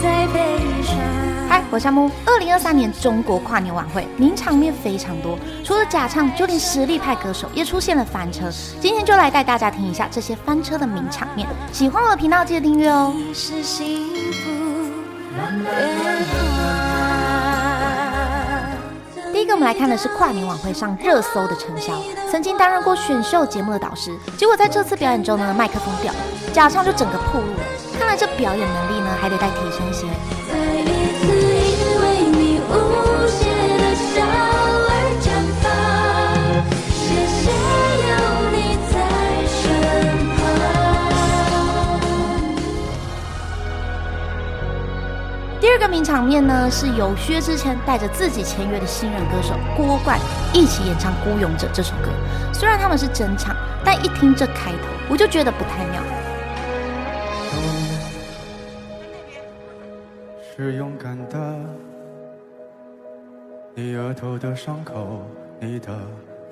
嗨，Hi, 我是夏慕。二零二三年中國跨年晚會名場面非常多，除了假唱，就連實力派歌手也出現了翻車。今天就來帶大家聽一下這些翻車的名場面。喜歡我的頻道，記得訂閱哦。第一個，我們來看的是跨年晚會上熱搜的程瀟，曾經擔任過選秀節目的導師，結果在這次表演中呢，麥克風掉了，假唱就整個暴露了。那這表演能力呢，還得再提升一些。再一次因為你無邪的笑而綻放，謝謝有你在身旁。第二個名場面呢，是由薛之謙帶着自己簽約的新人歌手郭冠，一起演唱《孤勇者》這首歌。雖然他們是真唱，但一聽這開頭，我就覺得不太妙。是勇敢的，你額頭的傷口，你的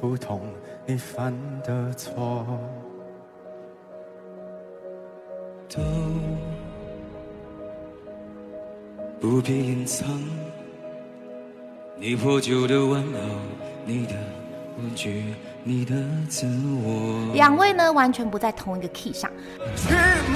不同，你犯的錯，都不必隱藏。你破舊的玩偶，你的面具，你的自我。兩位呢，完全不在同一個 key 上。嗯。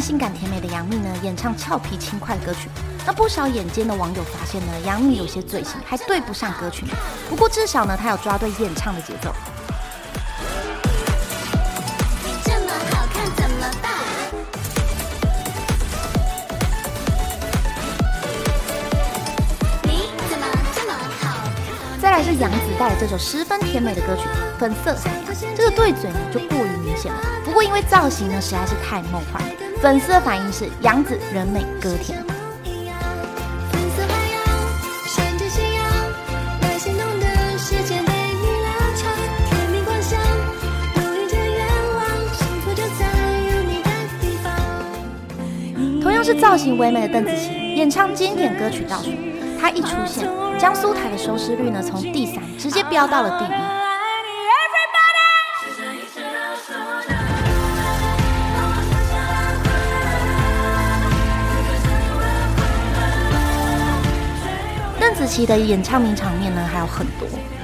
性感甜美的楊冪呢，演唱俏皮輕快歌曲。那不少眼尖的網友發現呢，楊冪有些嘴型還對不上歌曲。不過至少呢，她有抓對演唱的節奏。這麼好看怎麼辦？你怎麼這麼好看？再來是楊紫帶來這首十分甜美的歌曲《粉色海洋》。這個對嘴呢就過於明顯了。不過因為造型呢實在是太夢幻。粉絲的反應是，楊紫人美歌甜。同樣是造型唯美的鄧紫棋，演唱經典歌曲《倒數》，她一出現，江蘇台的收視率呢，從第三直接飆到了第一。啊啊啊四期的演唱名場面呢還有很多。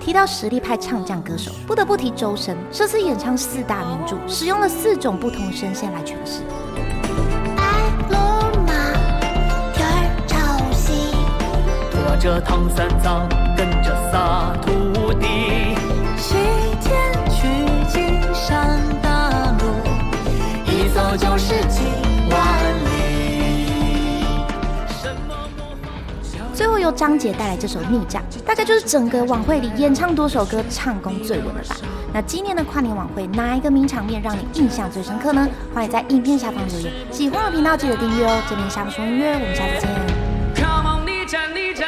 提到實力派唱將歌手，不得不提周深。這次演唱四大名著，使用了四種不同聲線來詮釋。白龍馬，蹄兒朝西，馱著唐三藏，跟著仨徒弟。最後由張杰帶來這首《逆戰》，大概就是整個晚會裡演唱多首歌唱功最穩的吧？那今年的跨年晚會哪一個名場面讓你印象最深刻呢？歡迎在影片下方留言。喜歡我的頻道記得訂閱哦！這邊下方說音樂，我們下次見。